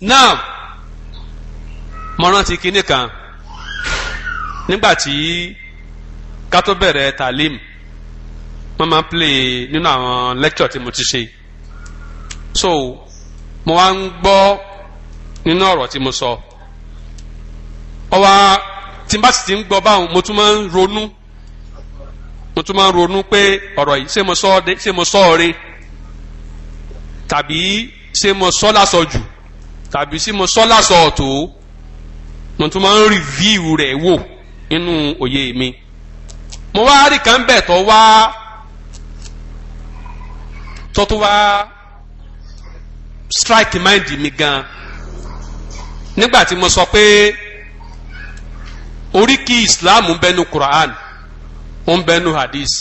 náà mo rántí kinní kan nígbà tí ká bẹ̀rẹ̀ talim wọ́n máa ń play nínú àwọn lecture tí mo ti ṣe so mo wá ń gbọ́ nínú ọ̀rọ̀ tí mo sọ ọwọ́ tí n bá sì ti ń gbọ́ báwọn mo tún máa ń ronú mo tún máa ń ronú pé ọ̀rọ̀ yìí ṣé mo sọ ọ́ ṣé mo sọ ọ́ re tàbí ṣé mo sọ lásọ jù. So, tàbí sí mo sọ lásọ ọ̀tọ̀ mo tún máa ń rìvíìwù rẹ̀ wò nínú òye mi mo wá rí kan bẹ̀ tó wá tó tó wá strike mind mi gan nígbà tí mo sọ pé oríkì Islam bẹnu Quran ń bẹnu hadith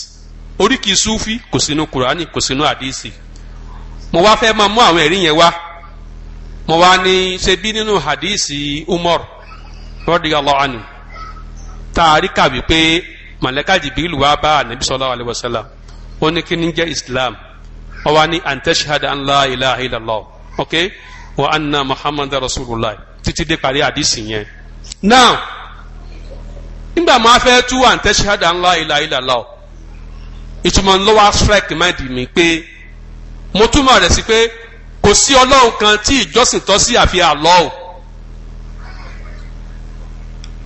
oríkì Sufi kò sínú Quran kò sínú hadith mo wá fẹ́ máa mú àwọn ẹ̀rí yẹn wá mo wá ní ṣebí nínú hadisi umar radiyallahu anhu taari kà wípé màlẹ́kà jìbìlì wá bá anabi sallallahu alayhi wa sallam ó ní kí ni jẹ́ islam ó wá ní an tashhada an la ilaha illallah ok wa anna muhammad rasulullah títí dé parí hadisi yẹn. now nígbà máa fẹ́ tú an tashhada an la ìtumọ̀ ńlọ́wọ́ strike mind mi pé mo túmọ̀ rẹ̀ sí pé kò sí ọlọ́run kan tí ìjọsìn tọ́ sí àfi Allah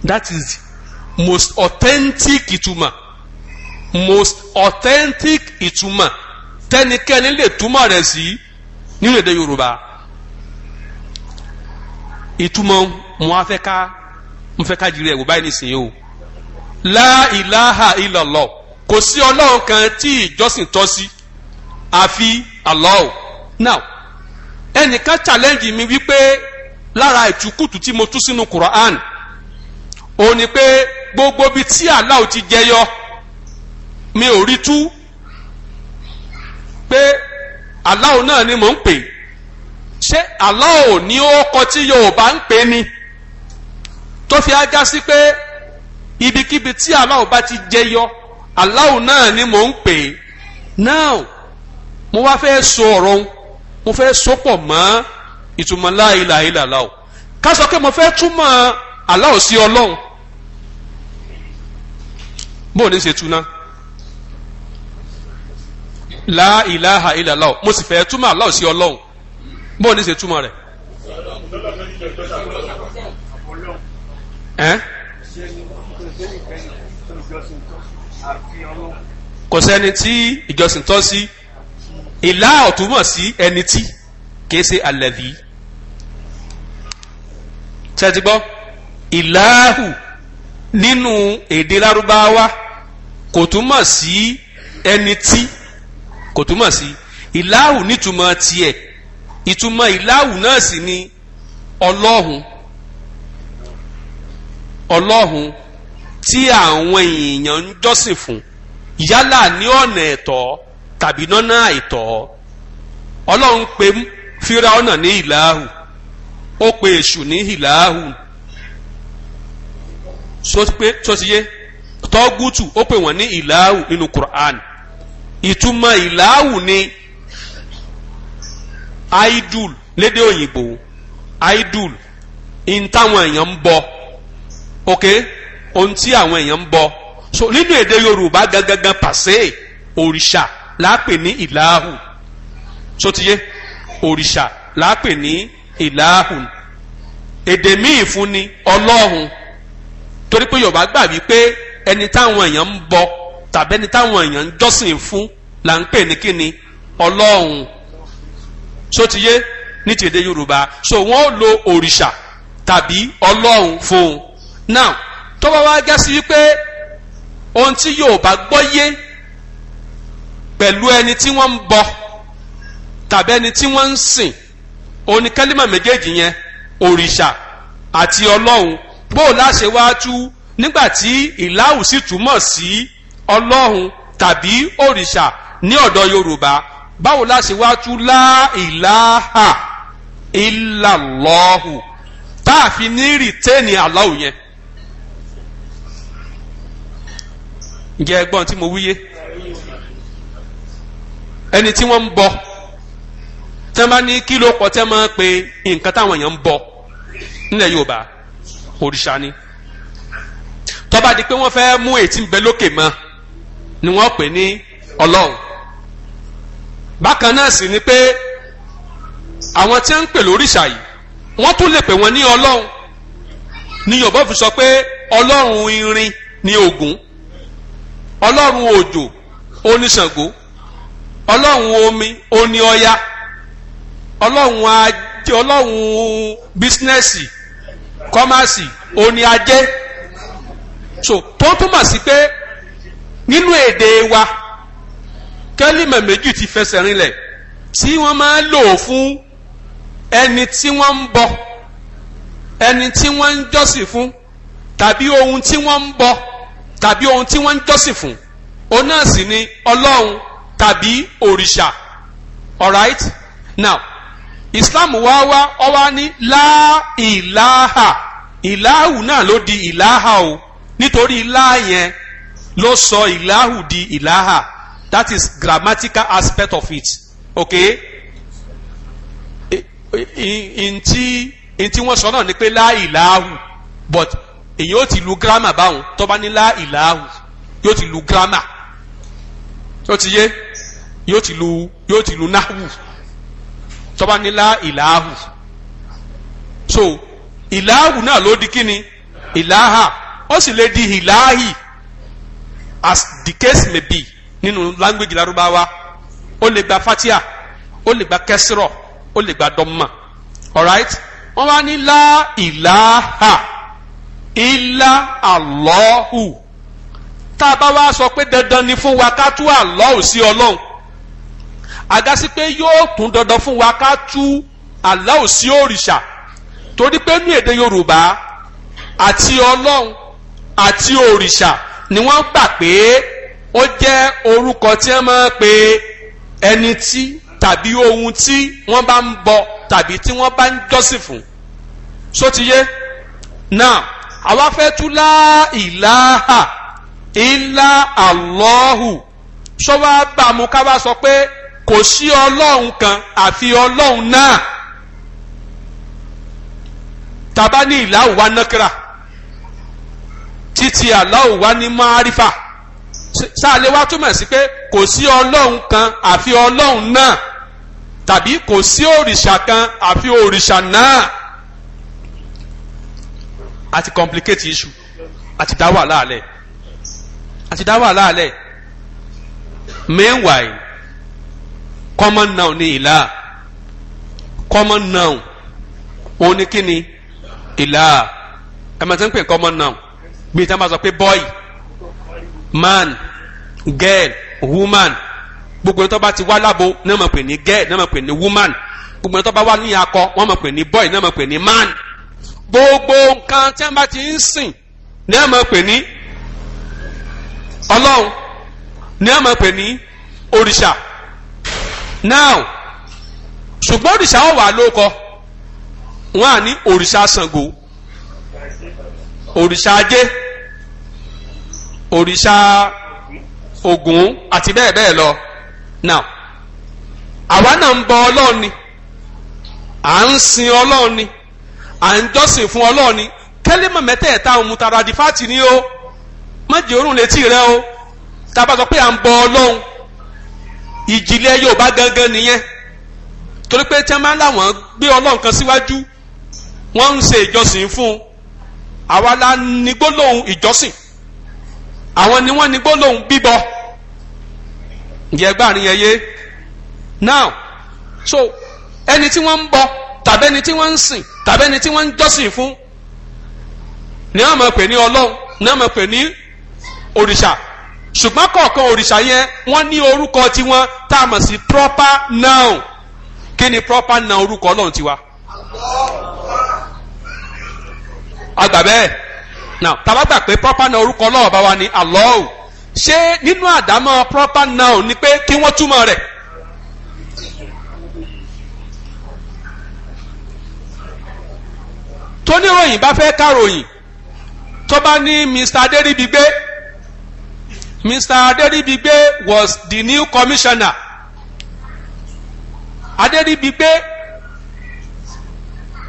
that is most authentic ìtumọ̀ most authentic ìtumọ̀ tẹnikẹ́ni lè túmọ̀ rẹ̀ sí nínú èdè Yorùbá ìtumọ̀ mo á fẹ́ ká mo fẹ́ ká jìrì ẹ̀wò báyìí nìsín o la ilaha illallah kò sí ọlọ́run kan tí ìjọsìn tọ́ sí àfi Allah now ẹnìkan challenge mi wípé lára ìtukùtù tí mo tú sínú Quran ó ní pé gbogbo bíi tí Allah ti jẹyọ mi ò rí tú pé Allah náà ni mò ń pè ṣé Allah ní ọkọ tí Yorùbá ń pè ni tó fi ajá sí pé ibikíbi tí Allah bá ti jẹyọ Allah náà ni mò ń pè now mo wá fẹ́ sọ ọ̀rọ̀ mo fẹ́ sopọ̀ mọ́ ìtumọ̀ la ilaha illallah o ká sọ pé mo fẹ́ túmọ̀ Allah sí ọlọ́run bó o ní ṣe túná la ilaha illallah mo sì fẹ́ túmọ̀ Allah sí ọlọ́run bó o ní ṣe túmọ̀ rẹ̀. ẹ́ kò sẹ́ni tí ìjọsìn tọ́ sí. Si ìlà ọ̀túnmọ̀ sí ẹni tí kìí ṣe alladhi tẹ́tí gbọ́ ìlàhù nínú èdè lárúbáwá kò túmọ̀ sí ẹni tí kò túmọ̀ sí ìlàhù nítumọ̀ tiẹ̀ ìtumọ̀ ìlàhù náà sì ni ọlọ́hun ọlọ́hun tí àwọn èèyàn ń jọ́sìn fún yálà ní ọ̀nà ẹ̀tọ́ tàbí lọ́nà àìtọ́ ọlọ́run pè fíráúnà ní ìlàhù ó pè èṣù ní ìlàhù sotiye tọ́gùtù ó pè wọ́n ní ìlàhù nínú Qur'an ìtumọ̀ ìlàhù ni idol lédè òyìnbó idol in táwọn èèyàn ń bọ ok ohun tí àwọn èèyàn ń bọ so nínú èdè Yorùbá gangan pàṣẹ òrìṣà láàpè ní ìlàhùn sotiye òrìṣà láàpè ní ìlàhùn èdè míì fún ni ọlọ́hun torí pé yorùbá gbà wípé ẹni táwọn èèyàn ń bọ tàbí ẹni táwọn èèyàn ń jọ́sìn fún là ń pè ní kíni ọlọ́hun sotiye ní ti èdè yorùbá so wọn lo òrìṣà tàbí ọlọ́hun fún un now tó bá wá gẹ́sí wípé ohun tí yorùbá gbọ́ yé pẹ̀lú ẹni tí wọ́n ń bọ tàbí ẹni tí wọ́n ń sìn oníkálímà méjèèjì yẹn òrìṣà àti ọlọ́run bóò láṣẹ wá tú nígbà tí ìláhù sì túmọ̀ sí ọlọ́run tàbí òrìṣà ní ọ̀dọ̀ yorùbá báwo láṣẹ wá tú lá ìláhà ìlàlọ́hù tá a fi ní rìtẹ́ẹ̀nì àlọ́hù ǹjẹ́ ẹ gbọ́n tí mo wíyé ẹni tí wọ́n ń bọ tẹ́ bá ní kí pọ̀ tẹ́ máa pe nǹkan táwọn èèyàn ń bọ nílẹ̀ Yorùbá òrìṣà ni tó bá di pé wọ́n fẹ́ mú ètí bẹ lókè mọ́ ni wọ́n pè ní Ọlọ́run bákan náà sì ni pé àwọn tí ń pè lóríṣà yìí wọ́n tún lè pè wọ́n ní Ọlọ́run ni Yorùbá fi sọ pé Ọlọ́run irin ni Ògún Ọlọ́run òjò oníṣàngó ọlọ́run omi oní ọya ọlọ́run ajé ọlọ́run bísínẹ́sì kọ́másì oní ajé so tó túmọ̀ sí pé nínú èdè wa kẹ́límẹ̀ méjì ti fẹsẹ̀ rinlẹ̀ tí wọ́n máa ń lò fún ẹni tí wọ́n ń bọ ẹni tí wọ́n ń jọ́sìn fún tàbí ohun tí wọ́n ń bọ tàbí ohun tí wọ́n ń jọ́sìn fún òun ni ọlọ́run tàbí òrìṣà alright now islam wá wá ọ wá ní la ìláhà ìláhù náà ló di ìláhà o nítorí ilá yẹn ló sọ ìláhù di ìláhà that is grammatical aspect of it okay ntí ntí wọ́n sọ náà ni pé la ìláhù but èyí ó ti lu grammar báwọn tó bá ní la ìláhù yóò ti lu grammar ó ti yé yóò ti lu yóò ti lu nahu tọ́ba ní la ìlàhù so ìlàhù náà ló di kíni ìlàhà ó sì lè di ìlàhì as the case may be nínú language Lárúbáwá ó lè gba fatia ó lè gba kẹsírọ ó lè gba dọ́mà alright wọ́n wá ní la ìlàhà ìlà àlọ́hù tá a bá wá sọ pé dandan ni fún wa ká tú àlọ́hù sí ọlọ́hùn àgásí pé yóò tún dandan fún wa ká tú aláwò sí òrìṣà torí pé ní èdè yorùbá àti ọlọ́run àti òrìṣà ni wọ́n gbà pé ó jẹ́ orúkọ tí wọ́n máa pe ẹni tí tàbí ohun tí wọ́n bá ń bọ tàbí tí wọ́n bá ń jọ́sìn fún so ti yé náà àwa fẹ́ tú lá ìláhà ìlà àlọ́hù sọ wá bàmú ká wá sọ pé kò sí ọlọ́run kan àfi ọlọ́run náà tàbá ní ìlàwù wa nọ́kìrà títí àlàwù wa ní márífà sáàlẹ̀ wa túmọ̀ sí pé kò sí ọlọ́run kan àfi ọlọ́run náà tàbí kò sí òrìṣà kan àfi òrìṣà náà àti complicate issue àti dá wàhálà alẹ̀ àti dá wàhálà alẹ̀ meanwhile common noun ni ila. common noun òun ni kí ni ìlà ẹ máa ti ń pè common noun bí ìta máa sọ pé boy man girl woman gbogbo ẹni tó bá ti wá lábo náà máa pè ní girl náà máa pè ní woman gbogbo ẹni tó bá wá ní akọ wọ́n máa pè ní boy náà máa pè ní man gbogbo nǹkan tí wọ́n bá ti ń sìn náà máa pè ní ọlọ́run náà máa pè ní òrìṣà now ṣùgbọ́n òrìṣà wọn wà lóko wọn à ní òrìṣà Ṣàngó òrìṣà ajé òrìṣà Ògún àti bẹ́ẹ̀ bẹ́ẹ̀ lọ now àwa náà ń bọ Ọlọ́run ni à ń sin Ọlọ́run ni à ń jọ́sìn fún Ọlọ́run kẹ́lẹ́mọ̀ mẹ́tẹ̀ẹ̀ta òun mutara ni ó má jẹ́ létí rẹ o tá sọ pé à ń bọ Ọlọ́run ìjìnlẹ̀ Yorùbá gangan nìyẹn torí pé tí wọ́n máa ń láwọn gbé Ọlọ́run kan síwájú wọ́n ń ṣe ìjọsìn fún un àwa la ní gbólóhùn ìjọsìn àwọn ni wọ́n ní gbólóhùn bíbọ ìyẹn gbà nìyẹn now so ẹni tí wọ́n ń bọ tàbí ẹni tí wọ́n ń sìn tàbí ẹni tí wọ́n ń jọ́sìn fún ni wọ́n máa pè ní Ọlọ́run ni wọ́n máa pè ní òrìṣà ṣùgbọ́n kọ̀ọ̀kan òrìṣà yẹn wọ́n ní orúkọ tiwọn tá a mọ̀ sí proper noun kí ni proper noun orúkọ ọlọ́run tiwa. àgbà bẹ́ẹ̀ now tàbá gbà pé proper noun orúkọ ọlọ́run bá wa ni Allah ṣé nínú àdámọ́ proper noun ni pé kí wọ́n túmọ̀ rẹ̀. tóníròyìn bá fẹ́ káròyìn tó bá ní Mr. Adéríbigbé Mr. Aderibigbe was the new commissioner. Aderibigbe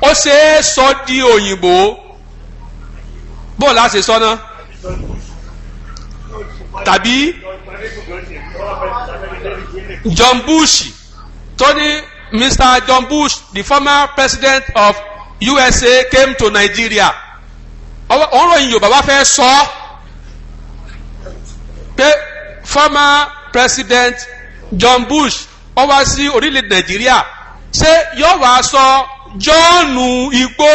ó ṣe é sọ di òyìnbó bóun láti sọ náà tàbí John Bush tó Mr. John Bush the former president of USA came to Nigeria ọ̀rọ̀ yìí Yorùbá wá fẹ́ sọ ọ́ pé former president John Bush ó wá sí orílẹ̀ Nàìjíríà ṣé yóò wá sọ John igbó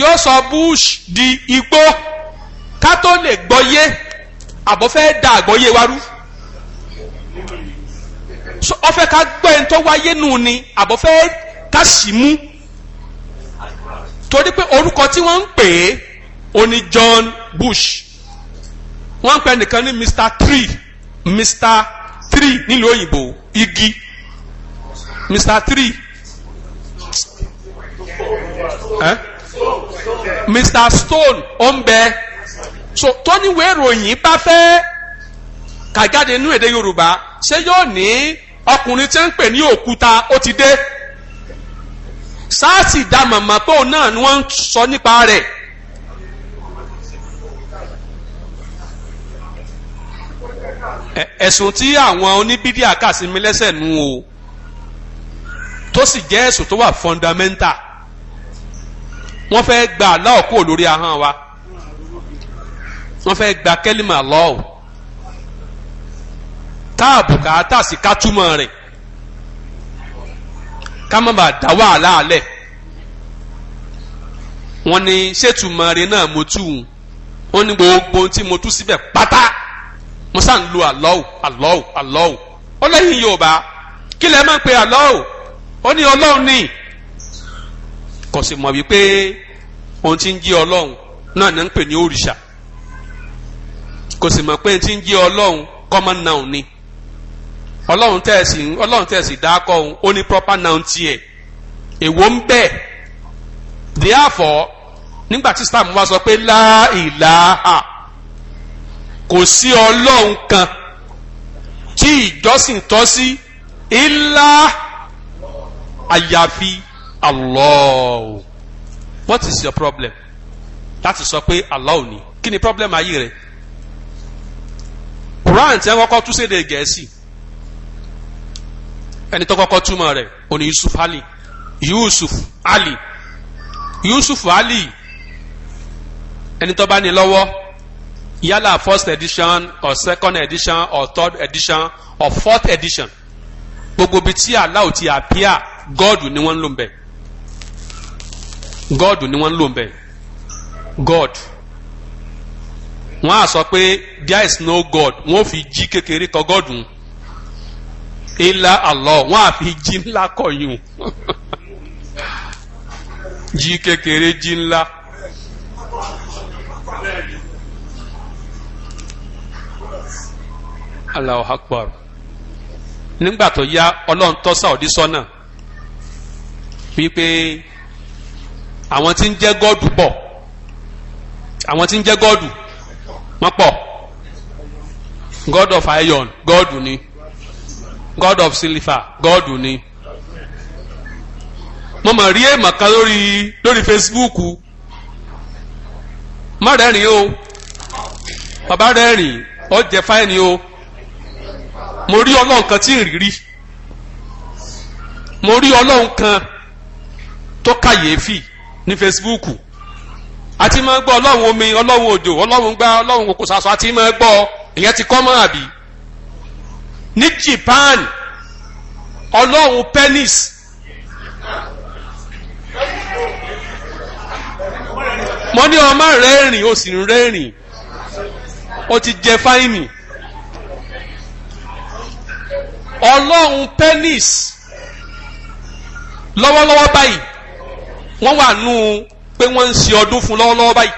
yóò sọ Bush di igbó ká tó lè gbọ́yé àbọ̀ fẹ́ da àgbọ́yé wa rú ó fẹ́ ká gbọ́ ẹni tó wáyé nù ni àbọ̀ fẹ́ ká sì mú torí pé orúkọ tí wọ́n ń pè é ó John Bush wọ́n ń pè nìkan ní mr Three, mr Three nílùú òyìnbó igi mr Three, eh? mr stone ó so tóní wéèròyìn bá fẹ́ kàjáde nínú èdè yorùbá ṣé yóò ní ọkùnrin tí ń pè ní òkúta ó ti dé sáàsì dá màmá tóun náà ni wọ́n ń sọ nípa rẹ̀ ẹ̀sùn tí àwọn oníbídíà kà sí mi lẹ́sẹ̀ nù o tó sì jẹ́ ẹ̀sùn tó wà fọ́ndámẹ́ntà wọ́n fẹ́ gba aláwọ̀ kúrò lórí ahọ́n wa wọ́n fẹ́ gba kẹ́límà lọ́ọ̀ táàbù kàátà sí kátúmọ̀ rẹ̀ ká má bàa dá wàhálà alẹ̀ wọ́n ní ṣètùmọ̀ rẹ̀ náà mo tù wọ́n ní gbogbo tí mo tú síbẹ̀ pátá musa ń lu alọ́wù alọ́wù alọ́wù ó yorùbá kí lẹ́ máa ń pe alọ́wù ó ní ọlọ́run ní kò sì mọ̀ wípé ohun tí ń jí ọlọ́run náà ní ń pè ní òrìṣà kò sì mọ̀ pé ohun tí ń jí ọlọ́run common noun ni ọlọ́run tẹ̀sí ọlọ́run tẹ̀sí dákọ̀ òun ó ní proper noun tiẹ̀ èwo ń bẹ therefore nígbà tí islam wá sọ pé láìláha kò sí ọlọ́run kan tí ìjọsìn tọ́ sí ilá àyàfi Allah what is your problem láti sọ pé Allah ò ní kí ni problem ayé rẹ Quran tí wọ́n kọ́kọ́ tú sédè Gẹ̀ẹ́sì ẹni tó kọ́kọ́ túmọ̀ rẹ̀ òní Yusuf Ali Yusuf Ali Yusuf Ali ẹni tó bá ní lọ́wọ́ yálà first edition or second edition or third edition or fourth edition gbogbo bi tí Allah ti àpíà God ni wọ́n ń lò ń bẹ̀ God ni wọ́n ń lò ń bẹ̀ God wọ́n á sọ pé there is no God wọ́n fi jí kékeré kọ God ń ilá Allah wọ́n á fi jí ńlá kọ yìí jí kékeré jí ńlá. Allahu Akbar nígbà tó yá ọlọ́run tọ́ Saudi sọ́nà wípé àwọn tí ń jẹ́ gọ́ọ̀dù pọ̀ àwọn tí ń jẹ́ gọ́ọ̀dù wọ́n pọ̀ god of iron gọ́ọ̀dù ni god of silver gọ́ọ̀dù ni mo mà rí èèmọ̀ kan lórí lórí Facebook má rẹ́rìn o bàbá rẹ́rìn ó jẹ fáìní o mo rí ọlọ́run kan tí ìrírí mo rí ọlọ́run kan tó kàyéfì ní Facebook àti máa gbọ́ ọlọ́run omi ọlọ́run òjò ọlọ́run gbá ọlọ́run kòkò sàṣọ àti máa gbọ́ ìyẹn ti kọ́ mọ́ àbí ní Japan ọlọ́run penis mo ní ọmọ rẹ́rìn o sì ń rẹ́rìn o ti jẹ fáìnì ọlọ́run penis lọ́wọ́lọ́wọ́ báyìí wọ́n wà nù pé wọ́n ń ṣe ọdún fún lọ́wọ́lọ́wọ́ báyìí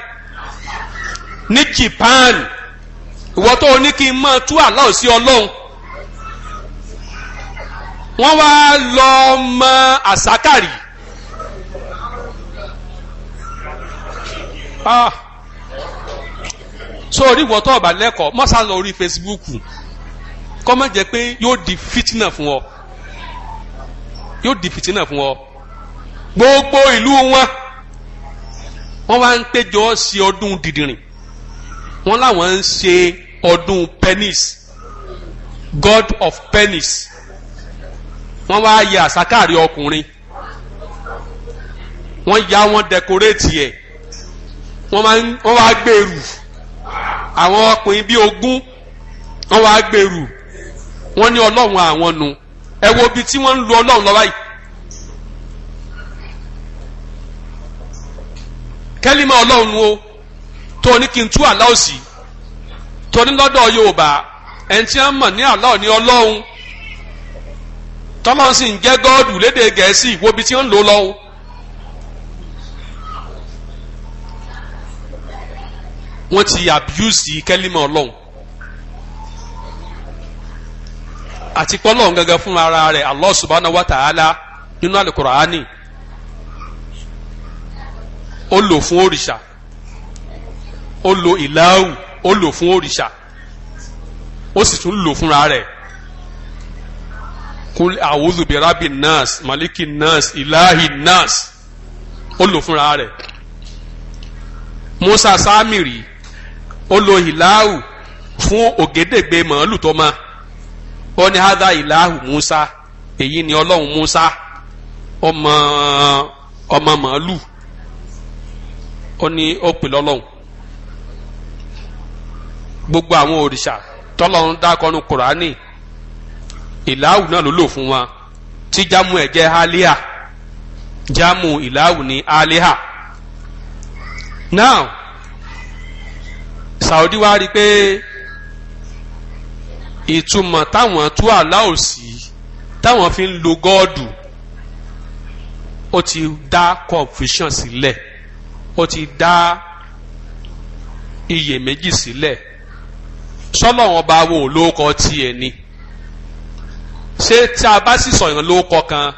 ní Japan ìwọ tó o ní kí n máa tú àlá òsì ọlọ́run wọ́n wá lọ mọ àsákàrí. Ah. so orí ìwọ tó o bá lẹ́kọ̀ọ́ mọ́sá orí Facebook kó má jẹ́ pé yóò di fitina fún ọ yóò di fitina fún ọ gbogbo ìlú wọn wọn wá ń péjọ ṣe ọdún dìdìrìn wọn làwọn ń ṣe ọdún penis god of penis wọn wá yẹ àsákàrí ọkùnrin wọn ya wọn dẹkoréètì ẹ wọn wá gbèrú àwọn ọkùnrin bíi ogún wọn wá gbèrú wọ́n ní ọlọ́run àwọn nu ẹ wo ibi tí wọ́n ń lu ọlọ́run lọ́wọ́ yìí. kẹ́límà ọlọ́run nu o tó ní kí n tú àláwọ̀ sí tó ní lọ́dọ̀ Yorùbá ẹni tí wọ́n mọ̀ ní àláwọ̀ ní ọlọ́run tọ́lọ́run sì ń jẹ́ gọ́ọ̀dù lédè gẹ̀ẹ́sì wo ibi tí wọ́n ń lò lọ́wọ́. wọ́n ti abuse kẹ́límà ọlọ́run àti pọ́lọ́ gangan fún ara rẹ̀ Allah subhanahu wa ta'ala nínú alukur'ani ó lò fún òrìṣà ó lò ìlàhù ó lò fún òrìṣà ó sì tún lò fúnra rẹ̀ kul a'udhu birabi nurse maliki nurse ilahi o ó lò fúnra rẹ̀ Musa Samiri ó lò ìlàhù fún ògédègbè màálù tó máa. ó ní ilahu musa èyí ni ọlọ́run musa ọmọ ọmọ màálù ó ní ó pè lọ́lọ́run gbogbo àwọn òrìṣà tọ́lọ́run dákọ́nu kùránì ìlàhù náà ló lò fún wa tí jámù ẹ̀ jẹ́ aliha jámù ìlàhù ni aliha now saudi wa rí i pé. ìtumọ̀ táwọn tú aláwọ̀ sí táwọn fi ń lo gọ́ọ̀dù ó ti dá confusion sílẹ̀ ó ti dá iyèméjì sílẹ̀ sọ́lọ̀ wọn bá wo lóókọ tiẹ̀ ni ṣé tí a bá sì sọ̀yàn lóókọ kan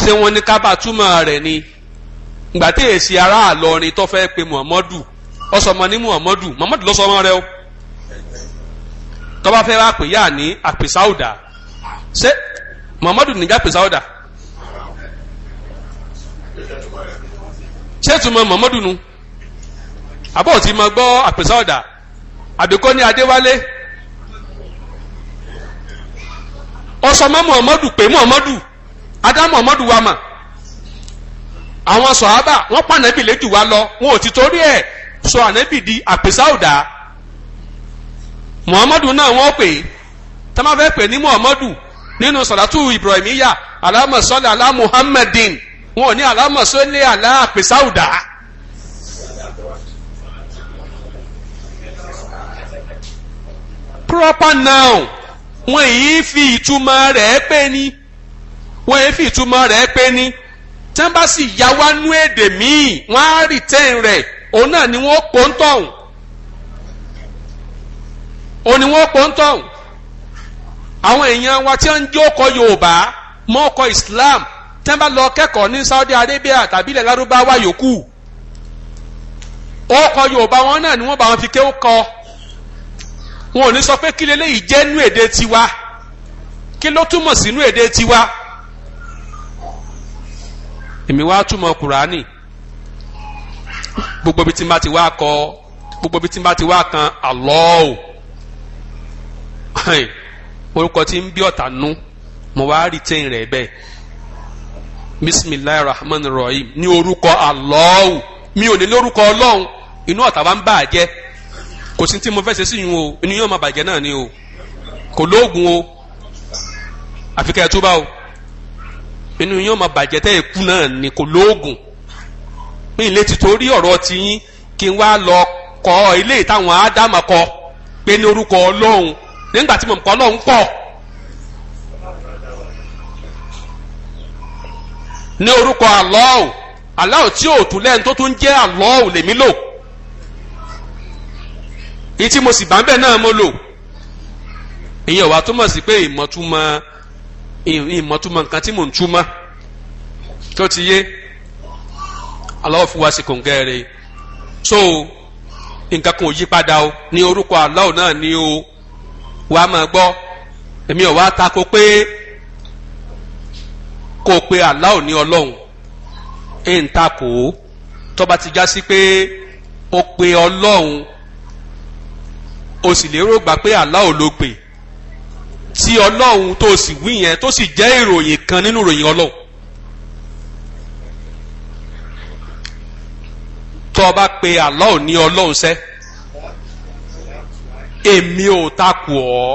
ṣé wọ́n ní ká bá túmọ̀ rẹ̀ ni gbàtẹ́ èsì ará tó fẹ́ pe Muhammadu ọsọmọ ní Muhammadu Muhammadu lọ́sọmọ rẹ o tọ́ba fẹ́ wá pè yá ní àpèsáwùdà ṣé muhammadu nìjà àpèsáwùdà ṣé tùmọ̀ muhammadu nu àbọ̀ tí mo gbọ́ àpèsáwùdà àbíkọ́ ní adéwálé ọsọmọ muhammadu pé muhammadu adá muhammadu wa mà àwọn sọ̀hábà wọ́n pa ànábì lẹ́jù wa lọ wọn ò ti torí ẹ̀ sọ ànábì di àpèsáwùdà muhammadu náà wọ́n pè é tá má fẹ́ pè ní muhammadu nínú sọ̀dátù ibrahimiya alámọ̀sọ́lẹ̀ alá muhammadin wọn ò ní alámọ̀sọ́lẹ̀ alá àpèsáwùdá. proper noun wọn èyí fi ìtumọ̀ rẹ̀ pé ní wọn èyí fi ìtumọ̀ rẹ̀ pé ní tí wọ́n bá sì yá wá nú èdè míì wọ́n á rìtẹ́ìn rẹ̀ òun náà ni wọ́n kó ń tọ̀hún òní wọn pọ̀ ń tọ̀hún àwọn èèyàn wa tí ń jókòó yorùbá mọ́ọ̀kọ́ islam tí wọ́n bá lọ kẹ́kọ̀ọ́ ní saudi arabia tàbí ilẹ̀ lárúbáwá yòókù ọkọ̀ yorùbá wọn náà ni wọ́n bá wọn fi kéwọ́ kọ́ wọn ò ní sọ pé kí leléyìí jẹ́ nú èdè tiwa kí ló túmọ̀ sínú èdè tiwa èmi wá túmọ̀ kùránì gbogbo bí tí n bá ti wá kọ gbogbo bí tí n bá ti wá kan Allah o. orúkọ tí ń bí ọ̀tá nú mo wá retain rẹ̀ bẹ́ẹ̀ bisimilayi rahman rahim ní orúkọ alọ́ọ̀hù mi ò ní lórúkọ ọlọ́hun inú ọ̀tá wa ń bàjẹ́ kò sí tí mo fẹ́ ṣe sí yun o inú yóò máa bàjẹ́ náà ni o kò lóògùn o àfi ẹ̀ ẹ túbà o inú yóò máa bàjẹ́ tẹ́ ẹ kú náà ni kò lóògùn mi lè ti torí ọ̀rọ̀ tiyín kí n wá lọ kọ́ ilé ìtàwọn ádámà kọ pé ní orúkọ ọlọ́hun nígbà tí mo mọ̀ ọlọ́run ni ní orúkọ Allah Allah tí ò tún lẹ́nu tó tún jẹ́ Allah lèmi lò mo sì bá ń bẹ̀ náà mo lò ìyẹn wàá túmọ̀ sí pé ìmọ̀túmọ̀ ìmọ̀túmọ̀ nǹkan tí mò ń túmọ̀ tó ti yé fún wa so nǹkan kan ò yí padà o ní orúkọ ni o. wàá máa gbọ́ èmi ò wá tako pé kó o pe Allah ní ọlọ́run ẹ̀ ń takò ó tó bá ti já sí pé o pe ọlọ́run o sì lérò gbà pé Allah ló pè tí ọlọ́run tó sì wí yẹn tó sì jẹ́ ìròyìn kan nínú ìròyìn ọlọ́run. tó o bá pe ní ọlọ́run sẹ́ẹ́ èmi ò takò ọ́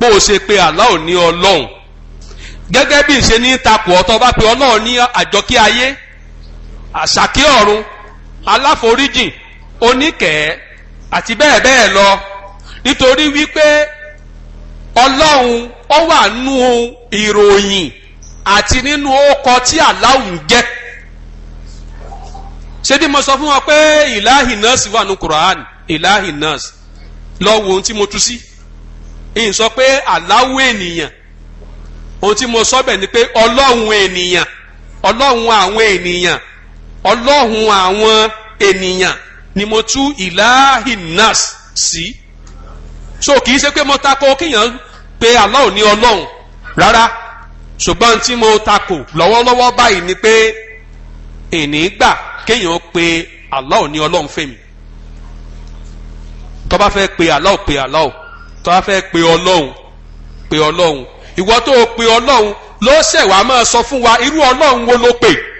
bó o ṣe pé àlá ò ní ọlọ́run gẹ́gẹ́ bí n ṣe ní takò ọ́ tó bá pe ọlọ́run ní àjọkí ayé àṣàkí ọ̀run aláforíjìn oníkẹ̀ẹ́ àti bẹ́ẹ̀ bẹ́ẹ̀ lọ nítorí wípé ọlọ́run ó wà nú ìròyìn àti nínú ọkọ tí ṣé bí mo sọ fún wọn pé wà lọ wo ohun tí mo tú sí n sọ pé aláwọ̀ ènìyàn ohun tí mo sọ bẹ́ẹ̀ ni pé ọlọ́run ènìyàn ọlọ́run àwọn ènìyàn ọlọ́run àwọn ènìyàn ni mo tú ilahinas sí so kì í ṣe pé mo tako kéèyàn pé aláwọ̀ ní ọlọ́run rárá ṣùgbọ́n tí mo tako lọ́wọ́lọ́wọ́ báyìí ni pé ènìgbà kéèyàn pé aláwọ̀ ní ọlọ́run fẹ́mi tó bá fẹ́ pe Allah pe Allah tó bá fẹ́ pe ọlọ́run pe ọlọ́run ìwọ tó pe ọlọ́run ló ṣẹ̀wá máa sọ fún wa irú ọlọ́run wo ló pè.